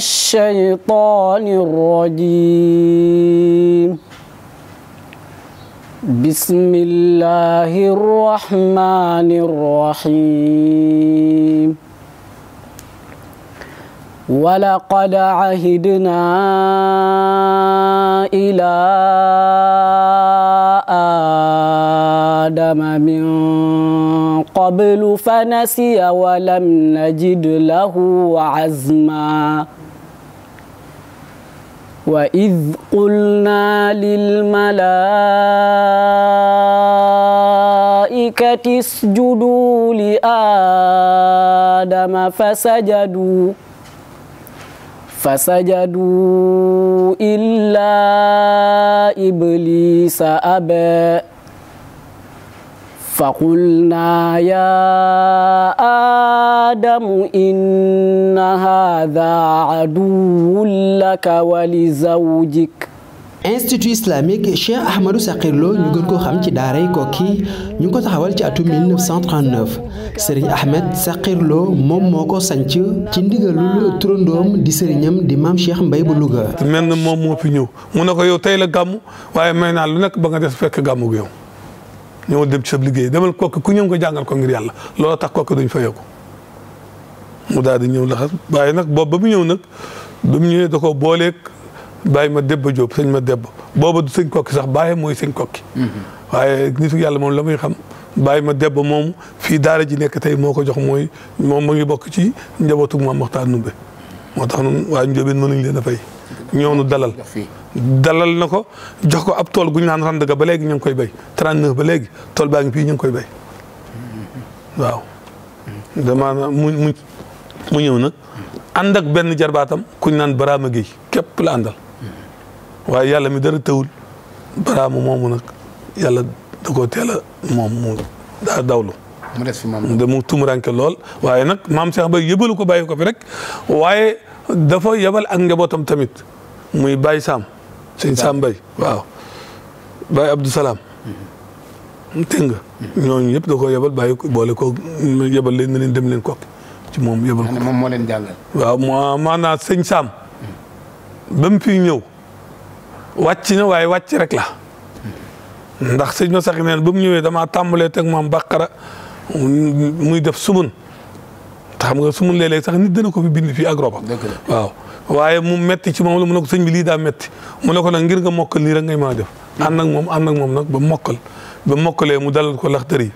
الشيطان الرجيم بسم الله الرحمن الرحيم ولقد عهدنا إلى آدم من قبل فنسي ولم نجد له عزما وإذ قلنا للملائكة اسجدوا لآدم فسجدوا فسجدوا إلا إبليس أبى فقلنا يا آدم إن هذا عدو لك ولزوجك institut islamique Cheikh Ahmadou Sakhir Lo koo xam ci daaray Koki ñu ngi ko taxawal ci atum 1939 Serigne Ahmed Sakhir Lo moom moo ko sanc ci ndigalul turandoom di sëriñam di maam Cheikh mbay bu Louga. mel na moom moo fi ñëw mu ne ko yow tey la gàmm waaye may naa lu nekk ba nga des fekk gàmmu gi yow. ñoo dem ci sa demal kokki ku ñëw nga jàngal ko ngir yàlla looloo tax kokki duñ fayoo ko mu daal di ñëw laxas waaye nag boobu ba mu ñëw nag ba mu ñëwee da ko booleeg bàyyi ma debba joob sëñ ma debba booba du sëñ kokki sax bàyyi mooy sëñ kokki mm-hmm. waaye yàlla moom la muy xam bàyyi ma debba moom fii daara ji nekk tey moo ko jox mooy moom mu ngi bokk ci njabootu Maam Maxtaar Numbe moo tax ñun waa Ndiobène mënuñ leen a fay. ñoo nu dalal dalal na ko jox ko ab tool gu naan rand ga ba léegi ñu koy bay béy 39 ba léegi tool baa ngi fii ñu ngi koy béy waaw. mu mu mu ñëw nag ànd benn jarbaatam kuñ naan baraama géy képp la àndal waaye yàlla mi dara tëwul baraama moomu nag yàlla da koo teel moom mu daa dawlu mu des fi moom de mu tumuranke lool waaye nag maam Cheikh Baye yëbalu ko bàyyi ko fi waaye dafa yebal ak njabootam tamit muy Baye Sam sëñ Sam Baye waaw Baye Abdou Salaam dégg nga ñooñu yëpp da ko yebal bàyyi boole ko yebal leen ne leen dem leen kokki ci moom yebal ko moom moo leen jàngal waaw moo maanaam sëñ Sam ba fi ñëw wàcc na waaye wàcc rek la ndax sëñ ma sax neen ba mu ñëwee damaa tàmbalee teg maam Bàqara muy def sumun te xam nga sumun léeg-léeg sax nit dana ko fi bind fii ak roba waaw waaye mu metti ci moom la mu ne ko sëñ lii daa metti mu ne ko nag ngir nga mokkal lii rek ngay maa def ànd ak moom ànd ak moom nag ba mokkal ba mokkalee mu dalal ko laxtar yi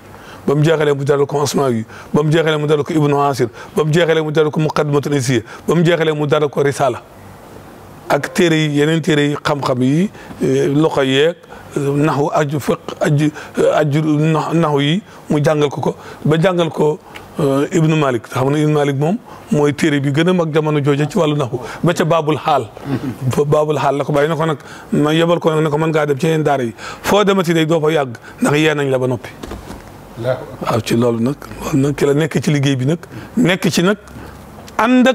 ba mu jeexalee mu dalal ko asmaa yi ba mu jeexalee mu dalal ko ibnu asir ba mu jeexalee mu dalal ko muqaddimatul isiya ba mu mu dalal ko risala ak téere yi yeneen téere yi xam-xam yi eh, loxo yeeg eh, naxu aju fiq aju eh, aju yi mu jàngal ko ko ba jàngal ko Ibnu Malik xam na Ibnu Malik moom mooy téere bi gën a mag jamono jooja ci wàllu naxu ba ca baabul xaal. baabul xaal la ko bàyyi na ko nag ma yebal ko nag ne ko mën ngaa dem ci yeneen daara foo demati day doo fa yàgg ndax yee nañ la ba noppi. waaw ci loolu nag loolu nekk ci liggéey bi nag nekk ci nag ànd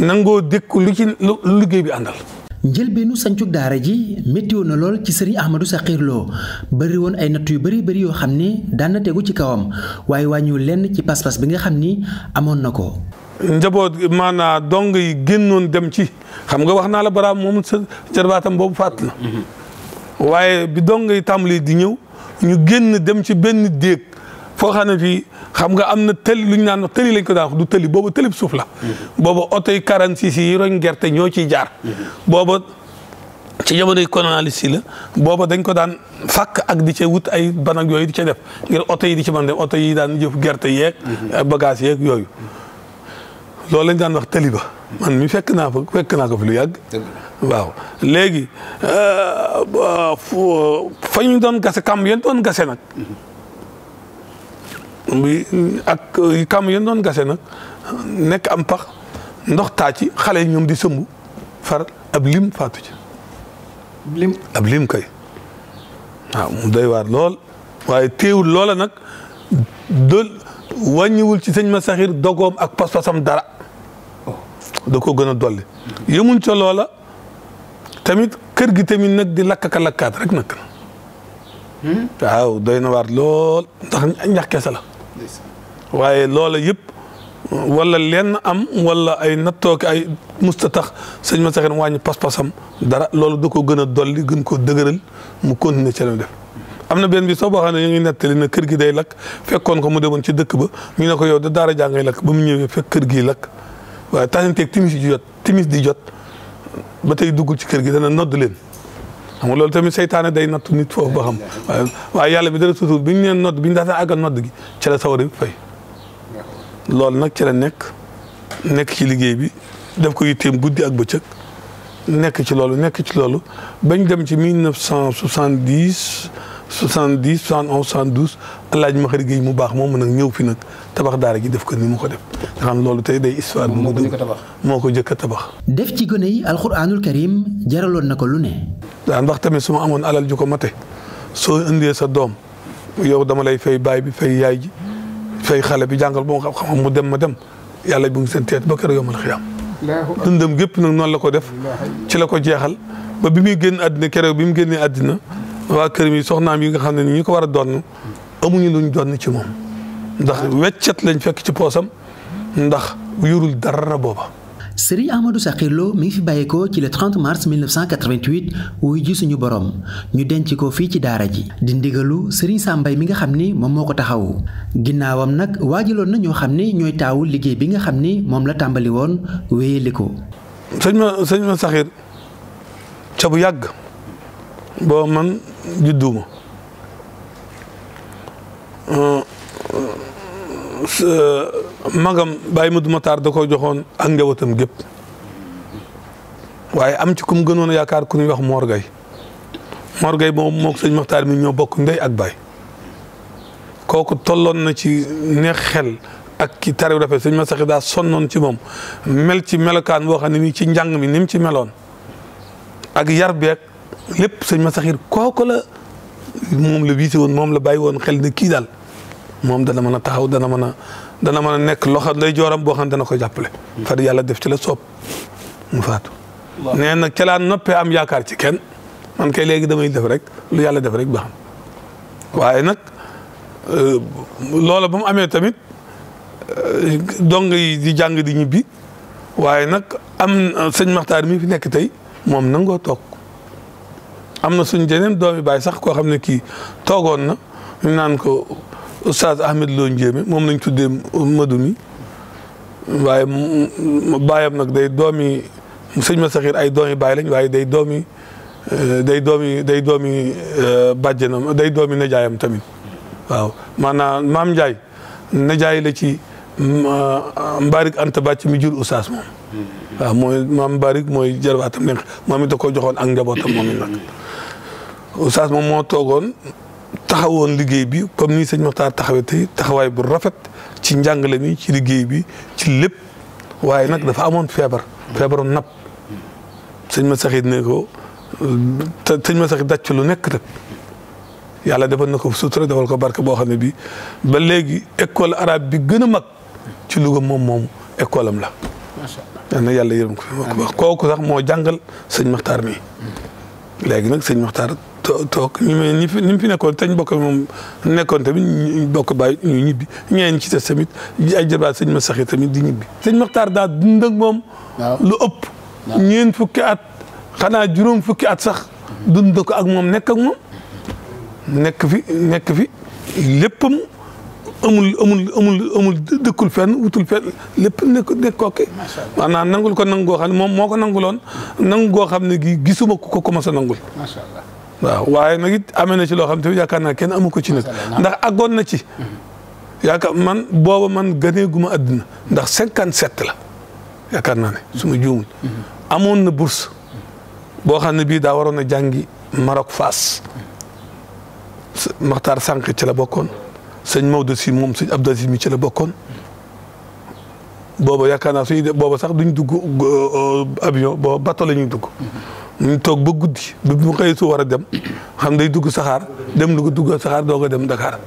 nangoo ko lu ci lu liggéey bi àndal. njëlbeenu sancug daara ji métti na lool ci sëriñ Ahmadou Sakhir Lo bari woon ay natt yu bari bari yoo xam ni daan na tegu ci kawam waaye wàññiwul lenn ci pas bi nga xam ni amoon na ko. njaboot maanaa dong yi génnoon dem ci xam nga wax naa la baraam moom sa jarbaatam boobu fàtt na mhm. waaye bi dong yi tàmbali di ñëw ñu génn dem ci benn déeg foo xam ne fii xam nga am na tëli lu ñu naan tëli lañ ko daan wax du tëli boobu tëlib suuf la. Mhm. boobu oto yi 46 yi roñ gerte ñoo ciy jaar. Mhm. boobu ci jamonoy colonialiste yi la booba dañ ko daan fàkk ak di ca wut ay ban yooyu di cee def ngir oto yi di ci man dem oto yi daan jëf gerte yeeg. Mhm. Eh, bagage yeeg yooyu. loolu lañ daan wax tëli ba man mi fekk naa fa fekk naa ko fi lu yàgg. waaw léegi eh, fa ñu doon gase kàmb yéen doon gase nag. bi ak kam euh, yéen doon gase nag nekk am pax ndox taa ci xale yi ñoom di sëmb far ab lim faatu ci. lim ab lim kay waaw mu doy waar lool waaye teewul loola nag dool wàññiwul ci sëñ ma saxir dogoom ak pas-pasam dara da ko gën a dolli yemuñ ca loola tamit kër gi tamit nag di lakkaka lakkaat rek nag hmm? waaw doy na waar lool ndax ñax kese la waaye loola yëpp wala lenn am wala ay nattoo ki ay musta tax sëñ ma saxeen wàññi pas-pasam dara loolu da ko gën a dolli gën koo dëgëral mu continuer ci la def am na benn bi soo boo xam ne ñu ngi nettali na kër gi day lakk fekkoon ko mu demoon ci dëkk ba ñu ne ko yow da daara jàngay lakk ba mu ñëwee fekk kër gi lakk waaye taxanteeg timis di jot timis di jot ba tey ci kër gi dana nodd leen xam loolu tamit seytaane day nattu nit foofu ba xam waaye yàlla bi dara sutur bi ñu neen nodd bi ñu daataa àggal nodd gi ci la sawar loolu nag ci la nekk nekk ci liggéey bi def ko yitteem guddi ak bëccëg nekk ci loolu nekk ci loolu bañ dem ci mille neuf cent soixante dix soixante dix soixante onze soixante douze Alaaji Maxari Géey mu ñëw fi nag tabax daara ji def ko ni mu ko def xam loolu tey day histoire bu mu dugg moo ko jëkk a tabax def ci gone yi alxuraanul karim jaraloon na ko lu ne daan wax tamit su ma amoon alal ju ko mate soo indee sa doom yow dama lay fay baay bi fay yaay ji fay xale bi jàngal boo xam-xam mu dem ma dem yàlla bu ngi seen teet ba kër yomal xiyaam dundam gépp nag noonu la ko def ci la ko jeexal ba bi muy génn àddina kere bi mu génnee àddina waa kër mi soxnaam yi nga xam ne ni ñu ko war a doon amuñu luñ na ci moom ndax weccet lañ fekk ci poosam ndax yurul dara booba sëriñ Amadou Sakhir Lo mi ngi fi bàyyeekoo ci le 30 mars 1988 wuy ji suñu borom ñu denc ko fii ci daara ji di ndigalu sëriñ Sambay mi nga xam ni moom moo ko taxawu ginnaawam nag waajaloon na ñoo xam ni ñooy taawul liggéey bi nga xam ni moom la tàmbali woon wéyale ko. sëñ ma sëñ ma Sakhir ca bu yàgg boo man judduuma euh, euh, euh, magam Baye Modou Matar da koo joxoon ak njabootam gépp waaye am ci kum gënoon a yaakaar ku ñuy wax Mor Gueye Mor Gueye moom moog sëñ Maxtaar mi ñoo bokk ndey ak baay kooku tolloon na ci neex xel ak kii tariw rafet sëñ ma saxi daa sonnoon ci moom mel ci melokaan boo xam ne nii ci njàng mi ni mu ci meloon ak yar beeg lépp sëñ ma saxir kooku la moom la wiisi woon moom la bàyyi woon xel ne kii daal moom dana mën a taxaw dana mën a dana mën a nekk loxo lay jooram boo xam dana ko jàppale. far yàlla def ci la soob mu faatu. waaw nee na kelaan noppee am yaakaar ci kenn man kay léegi damay def rek lu yàlla def rek baax na waaye nag euh, loola ba amee tamit euh, dong yi di jàng di ñibbi waaye nag am sëñ Maxtaar mi fi nekk tey moom nangoo toog am na suñ jeneen doomi baay sax koo xam ne kii toogoon na ñu ko. Oustaz Ahmed Lo Ndiémé moom lañ tuddee Madoumi waaye baayam nag day doomi sëñ ma saxir ay doomi baay lañ waaye day doomi euh, day doomi day doomi euh, bàjjenam day doomi nijaayam tamit waaw maanaam maam Ndiaye jaay la ci euh, Mbaarik Anta Bàcc mi jur Oustaz moom mooy maam Mbaarik mooy jarwaatam nekk moom it da ko joxoon ak njabootam moom it nag Oustaz moom moo toogoon taxawoon liggéey bi comme ni sëñ Maxtaar taxawee tey taxawaay bu rafet ci njàngale mi ci liggéey bi ci lépp waaye nag dafa amoon feebar. feebaru napp sëñ ma saxit ne ko te sëñ ma saxit dàcc lu nekk yàlla defal na ko sutura defal ko barke boo xam ne bii ba léegi école arabe bi gën a mag ci Louga moom moom école am la. macha na yàlla yërëm ko. kooku sax moo jàngal sëñ Maxtaar mi léegi nag sëñ Maxtaar. toog ñi fi ñi fi nekkoon tañ bokk moom nekkoon tamit ñu bokk bàyyi ñu ñibbi ñeneen ci des tamit ay jabaat sëñ ma saxee tamit di ñibbi. sëñ Maxtaar daa dund ak moom. lu ëpp. ñeent fukki at xanaa juróom fukki at sax. dund ko ak moom nekk ak moom. nekk fi nekk fi léppam amul amul amul amul dëkkul fenn wutul fenn lépp nekk nekk kooke. maanaam nangul ko nangu goo xam ne moom moo ko nanguloon nangu xam ne gi gisuma ko ko commencé nangul. waaw waaye nag it amee na ci loo xam te yaakaar naa kenn amu ko ci nag ndax aggoon na ci mm-hmm. yaakaar man booba man gëneeguma àddina ndax cinquante sept la yaakaar naa ne su ma mm-hmm. amoon na bourse boo xam ne bii daa waroon a jàngi Maroc fas Maxtaar Sànq ci la bokkoon sëñ Maodo si moom sëñ Abdou Aziz mi ci la bokkoon booba yaakaar naa suñu booba sax duñ dugg euh, avion booba bateau la ñuy dugg mm-hmm. mu ngi toog ba guddi bi mu xëy su war a dem xam day dugg saxaar dem lu ko dugg saxaar doog a dem Dakar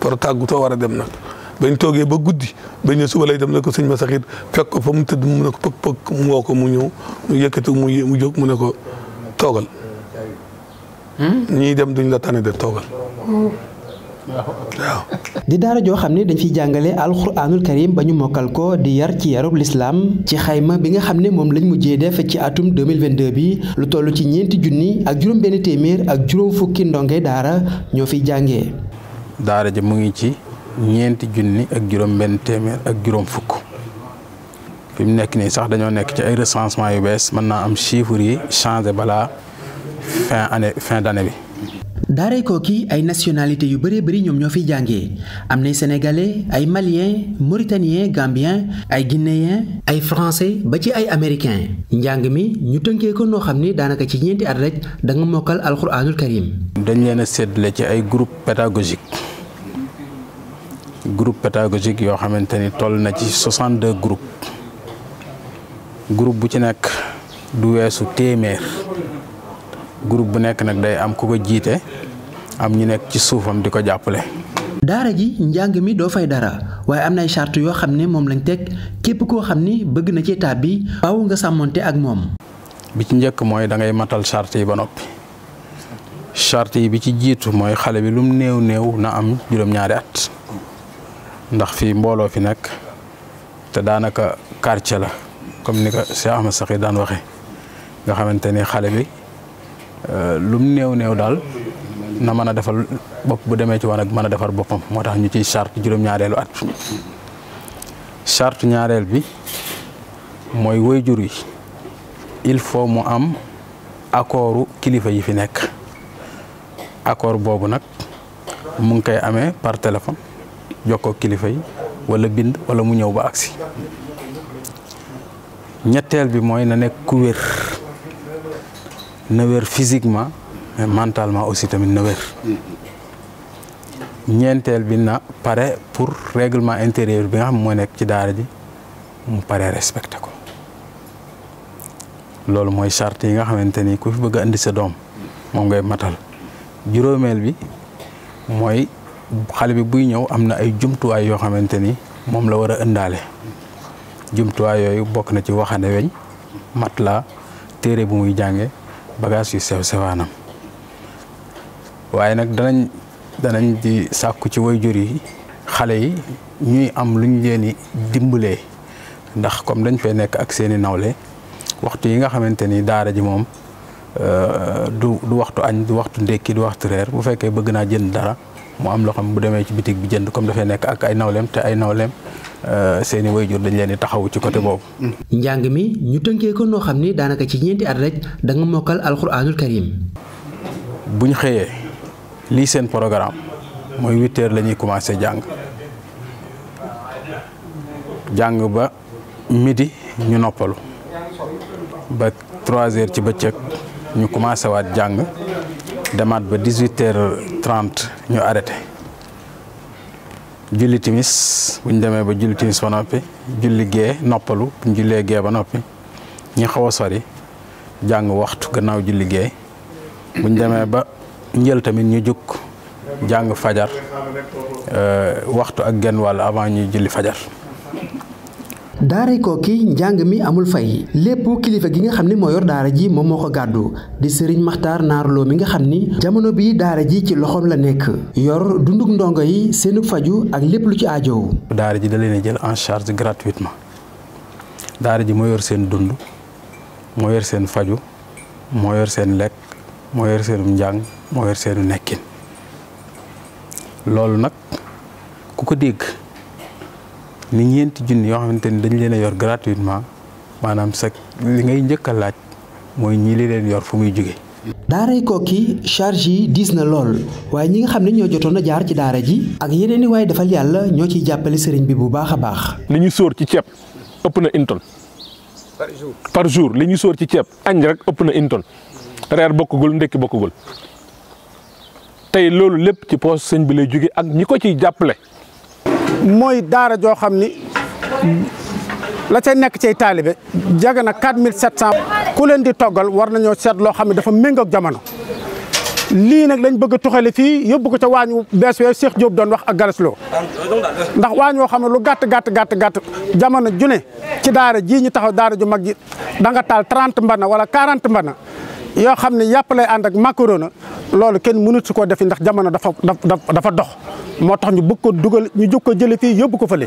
pour tàggutoo war a dem nag. bañ toogee ba guddi bañ ne suba lay dem ne ko sëñ ma saxit fekk ko fa mu tëdd mu ne ko pëk pëk mu woo ko mu ñëw mu yëkkati mu mu jóg mu ne ko toogal. Hmm? ñii dem duñ la tane de toogal. Oh. waaw. di daara joo xam ne dañ fiy jàngale alxuraanul karim ba ñu mokkal ko di yar ci yarub lislaam ci xayma bi nga xam ne moom lañ mujjee def ci atum 2022 bi lu toll ci ñeenti junni ak juróom benn téeméer ak juróom fukki ndonge daara ñoo fiy jàngee. daara ji mu ngi ci ñeenti junni ak juróom benn téeméer ak juróom fukk fi mu nekk nii sax dañoo nekk ci ay recensement yu bees mën naa am chiffres yi changé balaa fin année fin d'année bi. daaray Koki ay nationalité yu bëree bëri ñoom ñoo fiy jàngee am nay sénégalais ay maliens mauritaniens gambiens ay guinéens ay français ba ci ay américains njàng mi ñu tënkee ko noo xam ni daanaka ci ñeenti at rek da nga mokkal alxuraanul karim. dañ leen a séddale ci ay groupe pédagogique groupe pédagogique yoo xamante ni toll na ci 62 groupes groupe bu ci nekk du weesu téeméer. groupe bu nekk nag day am ku ko jiite am ñu nekk ci suufam di ko jàppale. daara gi njàng mi doo fay dara waaye am na ay charte yoo xam ne moom lañ teg képp koo xam ni bëgg na ci état bi faaw nga sàmmoonte ak moom. bi ci njëkk mooy da ngay matal charte yi ba noppi charte yi bi ci jiitu mooy xale bi lum néew néew na am juróom-ñaari at ndax fii mbooloo fi nekk te daanaka quartier la comme ni ko Cheikh Ahmed Sakhi daan waxe nga xamante ni xale bi. Euh, lu mu néew néew daal na mën a defal bopp bu demee ci wanag mën a defar boppam moo tax ñu ciy charte juróom-ñaareelu at charte ñaareel bi mooy woy jur yi il faut mu am accordu kilifa yi fi nekk accord boobu nag mu ngi koy amee par téléphone jokkoo kilifa yi walla bind wala mu ñëw ba agsi ñetteel bi mooy na nekk ku wér na wér physiquement mentalement aussi tamit na ñeenteel bi na pare pour règlement intérieur bi nga xam moo nekk ci daara ji mu pare respecté ko loolu mooy charte yi nga xamante ni ku fi bëgg a indi sa doom moom ngay matal juróomeel bi mooy xale bi buy ñëw am na ay jumtuwaay yoo xamante ni moom la war a ëndaale jumtuwaay yooyu bokk na ci waxande weñ mat la téere bu muy jànge bagage yu sew sewaanam waaye nag danañ danañ di sàkku ci way jur yi xale yi ñuy am luñ leen di dimbalee ndax comme dañ fee nekk ak seeni nawle waxtu yi nga xamante ni daara ji moom euh, du du waxtu añ du waxtu ndékki du waxtu reer bu fekkee bëgg naa jënd dara mu am loo xam bu demee ci bitig bi jënd comme dafay nekk ak ay nawleem te ay nawleem Euh, seeni wayjur dañ leen di taxawu ci côté boobu. njàng mi ñu tënkee ko noo xam ni daanaka ci ñeenti at rek da nga mokkal alxuraanul karim. bu ñu xëyee lii seen programme mooy huit heures la ñuy commencé jàng jàng ba midi ñu noppalu ba trois heures ci bëccëg ñu commencé waat jàng demaat ba dix huit heures ñu arrêté. julli timis buñ demee ba julli timis ba noppi julli gee noppalu buñ jullee gee ba noppi ñi xaw a sori jàng waxtu gannaaw julli gee buñ demee ba njël tamit ñu jug jàng fajar euh, waxtu ak genn wàll avant ñuy julli fajar daaray Koki njàng mi amul fay lépp kilifa gi nga xam ne moo yor daara ji moom moo ko gàddu di sëriñ maxtar Naarloo mi nga xam ni jamono bii daara ji ci loxoom la nekk yor dunduk ndongo yi seenug faju ak lépp lu ci aajow daara ji da leen jël en charge gratuitement daara ji moo yor seen dund moo yor seen faju moo yor seen lekk moo yor seenu njàng moo yor seenu nekkin loolu nag ku ko dégg ni ñeenti junni yoo xamante ni dañ leen a yor gratuitement maanaam sa li ngay njëkk a laaj mooy ñi li leen yor fu muy jóge daaray Koki charge yi diis na lool waaye ñi nga xam ne ñoo jotoon a jaar ci daara ji ak yeneen i waaye defal yàlla ñoo ciy jàppale sëriñ bi bu baax a baax li ñu sóor ci ceeb ëpp na une par jour li ñu sóor ci ceeb añ rek ëpp na une tonne reer bokkagul ndekki bokkagul tey loolu lépp ci poos sëñ bi lay jóge ak ñi ko ciy jàppale mooy daara joo xam ni la cay nekk cay taalibe jege na 4700 ku leen di toggal war nañoo seet loo xam ne dafa méngoog jamono lii nag lañ bëgg a fii yóbbu ko ca waañu bees wee Cheikh Diop doon wax a Galas Lo ndax waañ woo xam ne lu gàtt gàtt gàtt gàtt jamono ju ne ci daara jii ñu taxaw daara ju mag ji danga taal 30 mbana wala 40 mbana yoo xam ne yàpp lay ànd ak macaroni loolu kenn mënut si koo defi ndax jamono dafa dafa dox moo tax ñu bëgg ko dugal ñu jóg ko jële fii yóbbu ko fële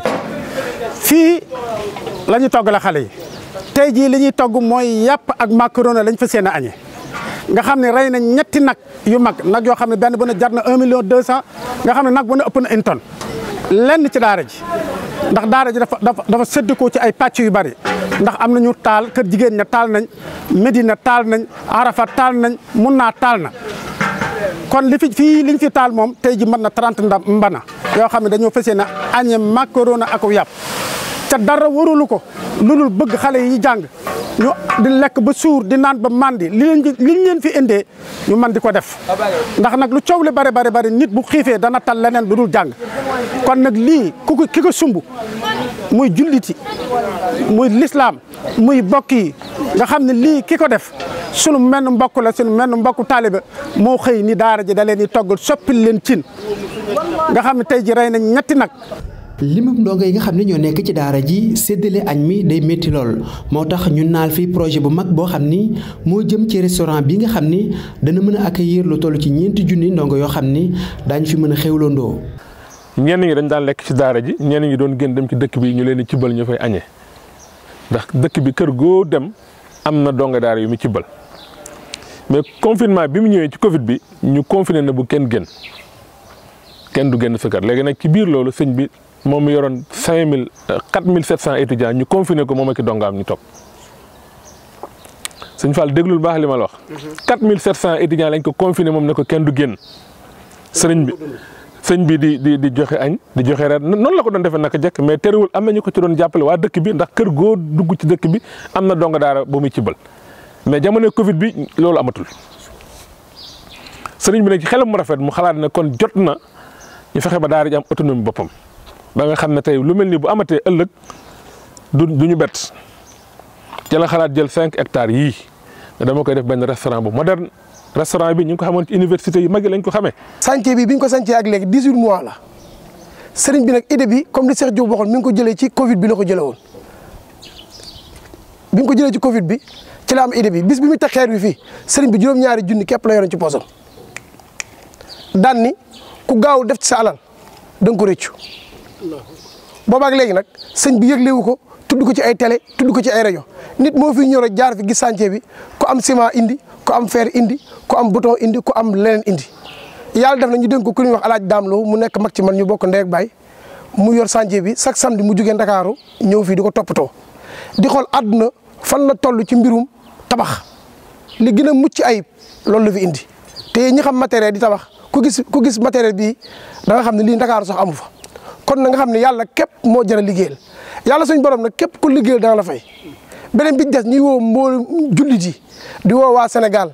fii la ñu togg la xale yi tey jii li ñuy togg mooy yàpp ak macaroni lañ fa seen a añee nga xam ne rey na ñetti nag yu mag nag yoo xam ne benn bu ne jar na un million deux cent nga xam ne nag bu ne ëpp na une lenn ci daara ji ndax daara ji dafa dafa dafa séddikoo ci ay pàcc yu bari ndax am nañu taal kër jigéen ña taal nañ Medina taal nañ Arafa taal nañ naa taal na kon li fii liñ fi taal moom tey ji mën na 30 ndax mbana yoo xam ne dañoo fas yéene añee macaroni ak yàpp ca dara warulu ko lu dul bëgg xale yi jàng ñu di lekk ba suur di naan ba màndi li leen liñ leen fi indee ñu man di ko def ndax nag lu coow li bari bari bari nit bu xiifee dana tal leneen lu dul jàng kon nag lii ku ko ki ko sumb muy julliti muy lislaam muy bokk yi nga xam ne lii ki ko def sunu menn mbokk la sunu menn mbokku taaliba moo xëy ni daara ji da leen di toggal soppil leen cin nga xam ne tey ji rey nañ ñetti nag limub ndongo yi nga xam ne ñoo nekk ci daara ji séddale añ mi day métti lool moo tax ñu naal fi projet bu mag boo xam ni moo jëm ci restaurant bii nga xam ni dana mën a accueillir lu toll ci ñeenti junni ndongo yoo xam ni daañu fi mën a xewlandoo ñenn ñi dañ daan lekk ci daara ji ñenn ñi doon génn dem ci dëkk bi ñu leen di cibbal ñu fay añee ndax dëkk bi kër goo dem am na donga daara yu mu cibbal mais confinement bi mu ñëwee ci Covid bi ñu confiné na bu kenn génn kenn du génn sa nag ci biir loolu sëñ bi moom mu yoroon cinq mille quatre mille sept cent étudiants ñu confiné ko moom ak i dongaam ñu toog sëñ Fall déglul baax li ma la wax. Mhm. quatre mille sept cent étudiants lañ ko confiné moom ne ko kenn du génn sëriñ bi. sëñ bi di di di joxe añ di joxe reer noonu la ko doon defee naka jekk mais terewul am na ñu ko ci doon jàppale waa dëkk bi ndax kër goo dugg ci dëkk bi am na donga daara mu ci bal mais jamono Covid bi loolu amatul sëriñ bi nag ci mu rafet mu xalaat ne kon jot na ñu fexe ba daara am autonomi boppam ba nga xam ne tey lu mel ni bu amatee ëllëg du du ñu bett ci la xalaat jël cinq hectares yii dama koy def benn restaurant bu moderne. restaurant bi ñu ngi ko xamoon ci mag lañ ko xamee. chantier bi bi ñu ko sancee ak léegi dix huit mois la sëriñ bi nag idée bi comme li Cheikh Diop waxoon mi ngi ko jëlee ci Covid bi ko jëlee woon ko jëlee ci Covid bi ci la am idée bi bis bi muy teg xeer bi fii sëriñ bi juróom-ñaari junni képp la yoroon ci poosam daan ni ku gaaw def ci sa alal da nga ko rëccu boobaag léegi nag sëñ bi yëglewu ko tudd ko ci ay tele tudd ko ci ay rajo nit moo fi ñëw rek jaar fi gis chantier bi ku am ciment indi ku am fer indi ku am bouton indi ko am leneen indi. yàlla def na ñu dénk ko ku ñuy wax alaaj daam loo mu nekk mag ci man ñu bokk ndey ak mu yor chantier bi chaque samedi mu jugee ndakaaru ñëw fii di ko toppatoo di xool àdduna fan la toll ci mbirum tabax li gën a mucc ayib loolu la fi indi te ñu xam matériel di tabax ku gis ku gis matériel bi da xam ne lii ndakaaru sax amu fa kon na nga xam ne yàlla képp moo jar a yàlla suñ borom nag képp ku liggéeyal danga la fay beneen bi des ñuy woo mboolu jullit yi di woo waa Sénégal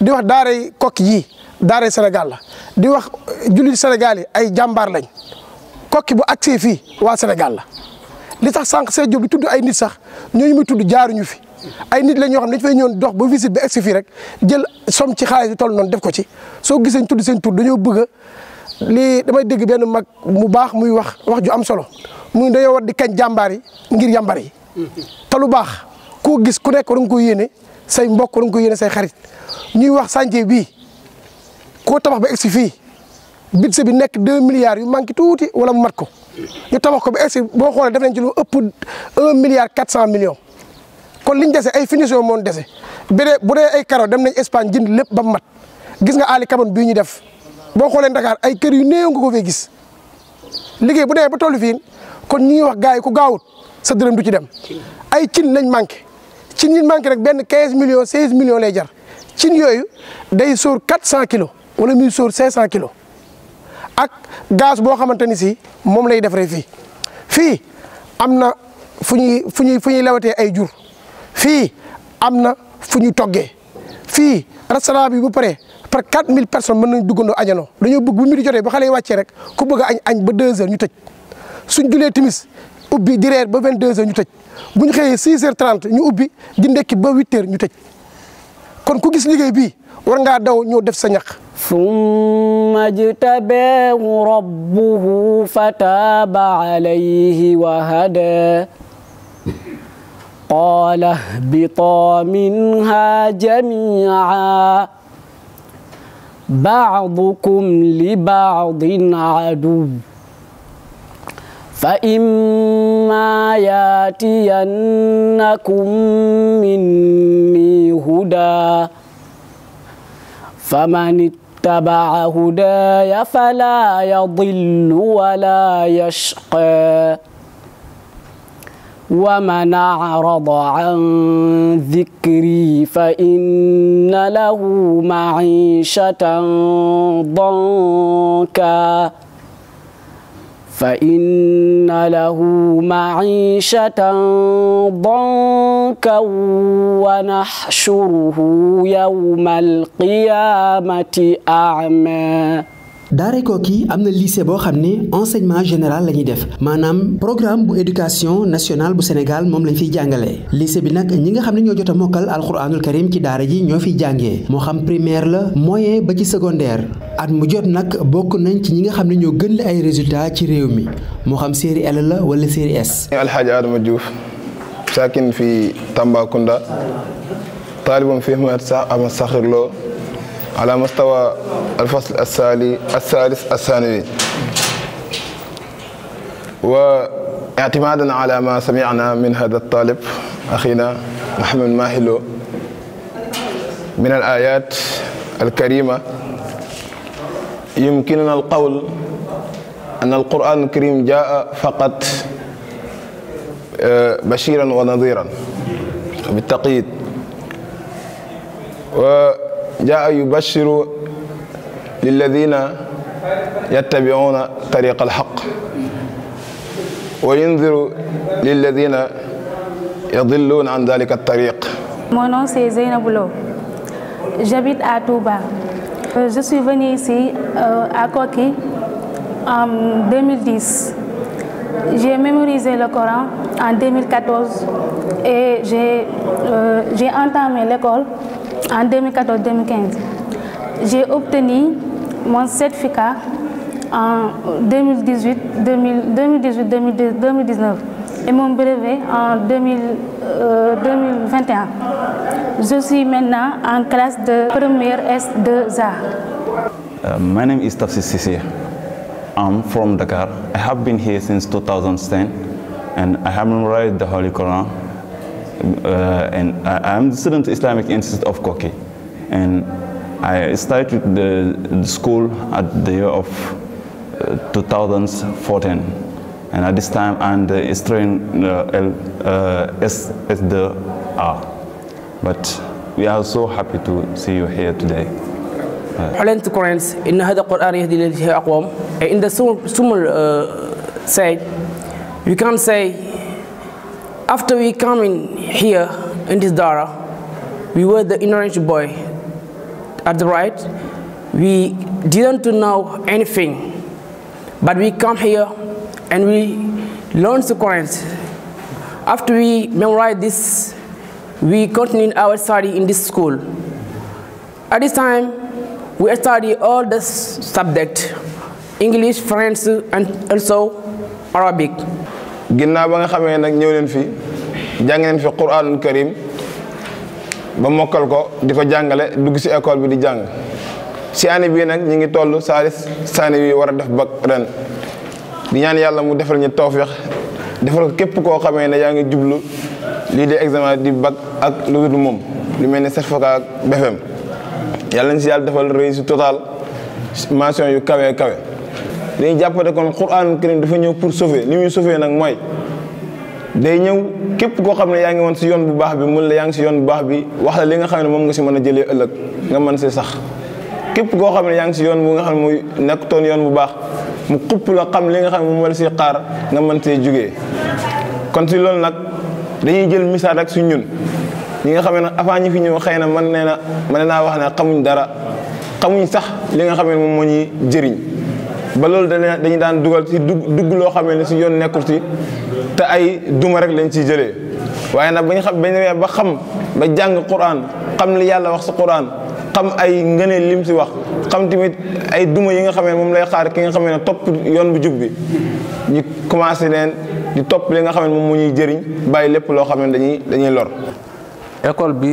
di wax daaray kokki yii daaray Sénégal la di wax jullit Sénégal yi ay jàmbaar lañ kokki bu agsee fii waa Sénégal la li tax sanq see jóg di tudd ay nit sax ñooñu muy tudd jaaruñu fi ay nit la ñoo xam ne dañu fay dox ba visite ba egsi fii rek jël somme ci xaalis bi toll noonu def ko ci soo gisee ñu tudd seen tur dañoo bëgg a lii damay dégg benn mag mu baax muy wax wax ju am solo muy dañoo di kañ jàmbaar ngir yàmbar yi mm-hmm. te lu baax ko gis ku nekk war nga ko yéene say mbokk war nga ko yéene say xarit ñuy wax chantier bii koo tabax ba egsi fii budget bi nekk deux milliards yu manqué tuuti wala mu mat ko ñu tabax ko ba egsi boo xoolee def nañ ci lu ëpp un milliard cent millions kon liñ dese ay finition moon dese bu bu dee ay karo dem nañ Espagne jënd lépp ba mu mat gis nga aali kaboon bii ñu def boo xoolee Dakar ay kër yu néew nga ko fee gis liggéey bu dee ba tollu fii kon ñi ngi wax gars yi ku gaawut sa dërëm du ci dem ay cin lañ manqué cin yi manqué rek benn 15 millions 16 millions lay jar cin yooyu day sóor 400 kilos wala muy sóor 500 kilos ak gaz boo xamante ni si moom lay defaree fi fii am na fu ñuy fu ñuy fu ñuy lawatee ay jur fii am na fu ñuy toggee fii restaurant bi bu paree par 4000 personnes mën nañ duggandoo añanoo dañoo bëgg bu mu di jotee ba xale yi wàccee rek ku bëgg añ ba 2 heures ñu tëj. suñ julee timis ubbi di reer ba 22h ñu tëj bu ñu xëyee 6h30 ñu ubbi di ndekki ba 8h ñu tëj kon ku gis liggéey bii war ngaa daw ñoo def sa ñaq summa jtabeehu rabbuhu fataaba alayhi wa hada qaala hbitaa minha jamiica bacdukum li bacdin caduw فإما ياتينكم مني هدى فمن اتبع هداي فلا يضل ولا يشقى ومن أعرض عن ذكري فإن له معيشة ضنكا فإن له معيشة ضنكا ونحشره يوم القيامة أعمى daare Koki am na lycée boo xam ne enseignement général la ñuy def maanaam programme bu éducation nationale bu Sénégal moom lañ fiy jàngale lycée bi nag ñi nga xam ne ñoo jot a mokkal alxuraanul karim ci daara ji ñoo fiy jàngee moo xam primaire la moyen ba ci secondaire at mu jot nag bokk nañ ci ñi nga xam ne ñoo gën la ay résultat ci réew mi moo xam série L la wala série S. Alxaaji Adama Diouf saakin fi Tambacounda taalibam fi Ahmad sax ama saxirloo على مستوى الفصل السالي الثالث الثانوي واعتمادا على ما سمعنا من هذا الطالب أخينا محمد ماهلو من الآيات الكريمة يمكننا القول أن القرآن الكريم جاء فقط بشيرا ونظيرا بالتقييد و jaa yubashiru lilladina yattabi'una tariqa alxaq wa yundiru lilladina yadilluuna an dalika altariq Mon nom c'est Zeynabou Lo. J'habite à Touba. Euh, je suis venue ici euh, à Koki en 2010. J'ai mémorisé le Coran en 2014 et j'ai euh, j'ai entamé l'école En 2014-2015, j'ai obtenu mon certificat en 2018, 2018-2019 et mon brevet en 2000, euh, 2021. Je suis maintenant en classe de première S2A. Uh, my name is Tafsir Sissé. I'm from Dakar. I have been here since 2010 I have memorized the Holy Quran Uh, and I, am the student Islamic Institute of Koki. And I started the, the school at the year of 2014. Uh, and at this time, and the strain uh, L, uh, S, S the R. But we are so happy to see you here today. Helen uh, to Koreans, in the Quran Yahdi Akwam, in the Sumul said, you can say After we come in here in this dara, we were the ignorant boy at the right. We didn't know anything, but we come here and we learn the Quran. After we memorize this, we continue our study in this school. At this time, we study all the subject, English, French, and also Arabic. ginnaaw ba nga xamee nag ñëw leen fii jàng leen fi quraanul karim ba mokkal ko di ko jàngale dugg si école bi di jàng si année bii nag ñu ngi toll saalis saani bi war a def bac ren di ñaan yàlla mu defal ñu tawfeex defal ko képp koo xamee ne yaa ngi jublu lii di examen di bac ak lu dul moom lu mel ni certificat ak BFEM yàlla nañ si yàlla defal réussite totale mention yu kawe kawe dañuy jàppate kon Qur'an karim dafa ñëw pour sauver ni muy sauver nag mooy day ñëw képp koo xam ne yaa ngi woon si yoon bu baax bi mun la yaa ngi si yoon bu baax bi wax la li nga xam ne moom nga si mën a jëlee ëllëg nga mën see sax képp koo xam ne yaa ngi si yoon bu nga xam ne muy toon yoon bu baax mu xupp la xam li nga xam ne moom la si xaar nga mën see jugee kon si loolu nag dañuy jël misaal rek si ñun ñi nga xam ne avant ñi fi ñëw xëy na mën nee na mën naa wax ne xamuñ dara xamuñ sax li nga xam ne moom moo ñuy jëriñ ba loolu dañ dañu daan dugal ci dugg dugg loo xamee ne si yoon nekkul ci te ay duma rek lañ ciy jëlee waaye nag bañ xam bañ ba xam ba jàng Qur'an xam li yàlla wax si Qur'an xam ay ngëneel lim si wax xam tamit ay duma yi nga xamee moom lay xaar ki nga xamee ne topp yoon bu jub bi ñu commencé neen di topp li nga xam ne moom mu ñuy jëriñ bàyyi lépp loo xam ni dañuy dañuy lor. école bi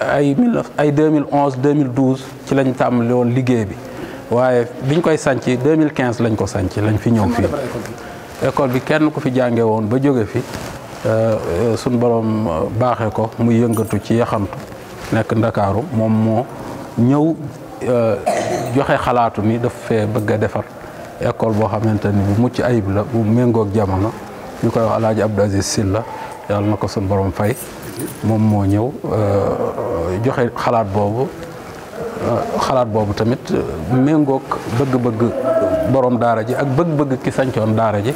ay euh, ay mille ay 2011 2012 ci lañ tàmbali woon liggéey bi. waaye biñ koy sanc 2015 lañ ko sanc lañ fi ñëw fii école bi kenn ku fi jànge woon ba jóge fi euh, euh, suñ borom euh, baaxee ko mu yëngatu ci yaxamtu nekk ndakaaru moom moo ñëw joxe xalaatu ni daf fee bëgg a defar école boo xamante ni bu mucc ayib la bu méngoog jamono ñu koy wax alaaji Abdou Aziz Sylla yàlla na ko suñ borom fay moom moo ñëw joxe xalaat boobu xalaat boobu tamit méngoog bëgg-bëgg borom daara ji ak bëgg-bëgg ki sancoon daara ji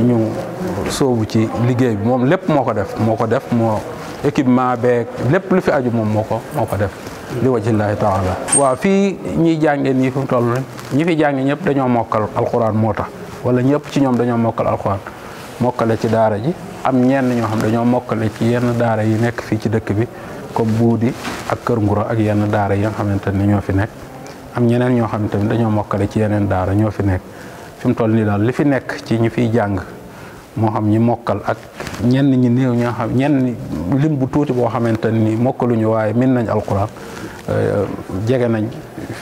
ñu soobu ci liggéey bi moom lépp moo ko def moo ko def moo équipement bee lépp lu fi aju moom moo ko moo ko def li wajillaahi taala waaw fii ñiy jànge nii fi mu toll ñi fi jànge ñëpp dañoo mokkal alxuraan moo tax wala ñëpp ci ñoom dañoo mokkal alxuraan mokkale ci daara ji am ñenn ñoo xam dañoo mokkale ci yenn daara yi nekk fii ci dëkk bi comme di ak kër nguro ak yenn daara yi nga xamante ne ñoo fi nekk am ñeneen ñoo xam tamit dañoo mokkale ci yeneen daara ñoo fi nekk fi mu toll nii daal li fi nekk ci ñu fiy jàng moo xam ñi mokkal ak ñenn ñi néew ñoo xam ñenn lim bu tuuti boo xamante nii mokkaluñu waaye min nañ alquran jege nañ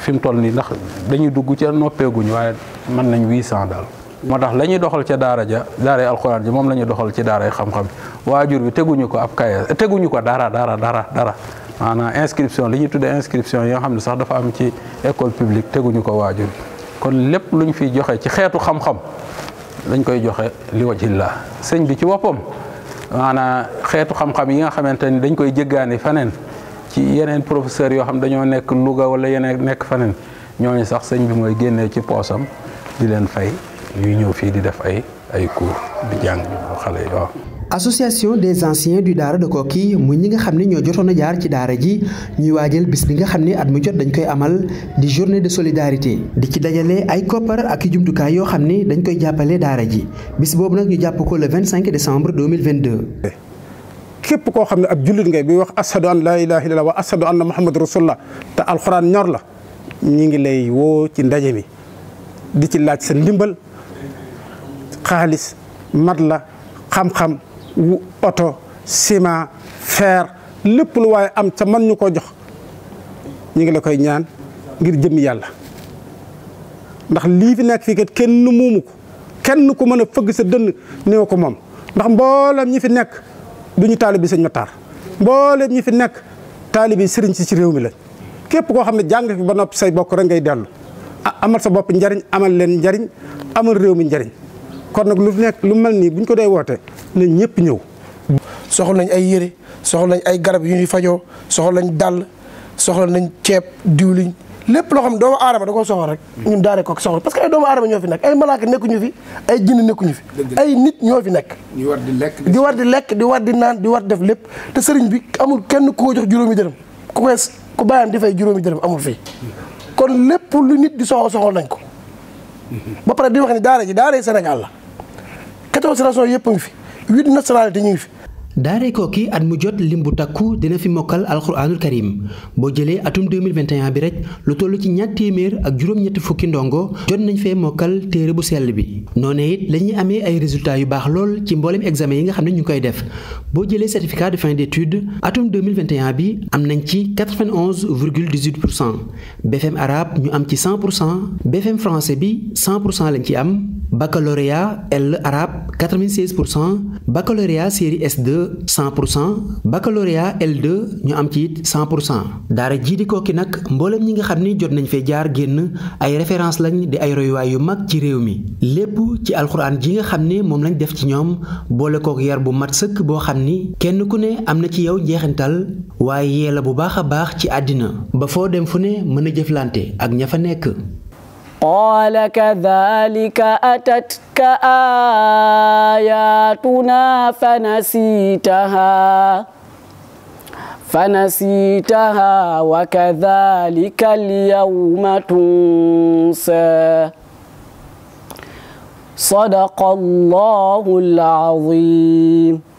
fi mu toll nii ndax dañuy dugg ci noppeeguñu waaye mën nañ huit cent daal moo tax la ñuy doxal ca daara ja daaray alxuraan ji moom la ñuy doxal ci daaray xam-xam waajur bi teguñu ko ab kaye teguñu ko dara dara dara dara maanaam inscription li ñuy tuddee inscription yoo xam ne sax dafa am ci école publique teguñu ko waajur kon lépp lu ñu fiy joxe ci xeetu xam-xam dañ koy joxe li wajhillah sëñ bi ci woppam maanaam xeetu xam-xam yi nga xamante ni dañ koy jéggaani faneen ci yeneen professeur yoo xam dañoo nekk Louga wala yeneen nekk faneen ñooñu sax sëñ bi mooy génnee ci poosam di leen fay ñuy ñëw fii di def ay ay cours di jàng xale yi waaw. association des anciens du daara de Koki mu ñi nga xam ne ñoo jotoon a jaar ci daara ji ñuy waajal bis bi nga xam ne at mu jot dañ koy amal di journée de solidarité di ci dajale ay koppar ak jumtukaay yoo xam ne dañ koy jàppale daara ji bis boobu nag ñu jàpp ko le 25 décembre 2022. képp koo xam ne ab jullit ngay bi wax ashadu an laa ilaaha illallah wa ashadu anna muhammad rasulullah te alxuraan ñor la ñu ngi lay woo ci ndaje mi di ci laaj sa ndimbal. xaalis mat la xam-xam oto ciment fer lépp lu waaye am ca man ñu ko jox ñu ngi la koy ñaan ngir jëmm yàlla ndax lii fi nekk fii kat kenn muumu ko kenn ku mën a fëgg sa dënn néew ko moom ndax mboolem ñi fi nekk du ñu taalibi sëñ Matar mboolem ñi fi nekk taalibi sëriñ si ci réew mi la képp koo xam ne jàng fi ba noppi say bokk rek ngay dellu ah, amal sa bopp njariñ amal leen njariñ amal réew mi njariñ kon nag lu nekk lu mel nii bu ñu ko dee woote nañ ñëpp ñëw. soxla lañ ay yére soxla lañ ay garab yu ñuy fajoo soxla lañ dàll soxla nañ ceeb diwliñ lépp loo xam doomu aadama da koo soxla rek. ñun daare ko soxla parce que ay doomu ñoo fi nekk ay malaaka nekkuñu fi ay jinn nekkuñu fi. ay nit ñoo fi nekk. di war di lekk di war di lekk di war di naan di war def lépp te sëriñ bi amul kenn ku ko jox juróomi dërëm ku koy ku bàyyam di fay juróomi dërëm amul fii kon lépp lu nit di soxla soxla nañ ko. ba pare di wax ni daara ji daara Sénégal la. 14 nations yëpp ngi fi 8 nationalités ñu ngi fi. daaray at mu jot lim bu takku dina fi mokkal alxuraanul karim boo jëlee atum 2021 bi rek lu toll ci ñaar téeméer ak juróom-ñetti fukki ndongo jot nañ fee mokkal téere bu sell bi. noone it la ñuy amee ay résultats yu baax lool ci mboolem examen yi nga xam ne ñu ngi koy def boo jëlee certificat de fin d' étude atum 2021 bi am nañ ci 91 virgule 18 pour cent BFM arabe ñu am ci 100 pour cent BFM français bi 100 pour cent lañ ci am. baccalauréat L arabe 96 pour cent baccalauréat série S2 100 pour cent baccalauréat L2 ñu am ci it cent daara jii di Koki nag mboolem ñi nga xam ni jot nañu fee jaar génn ay référence lañ di ay royuwaay yu mag ci réew mi lépp ci alxuraan ji nga xam ni moom lañ def ci ñoom boole kook yar bu mat sëkk boo xam ni kenn ku ne am na ci yow njeexintal waaye yee la bu baax a baax ci àddina ba foo dem fu ne mën a jëflante ak ña fa nekk قال كذلك أتتك آياتنا فنسيتها فنسيتها وكذلك اليوم تنسى صدق الله العظيم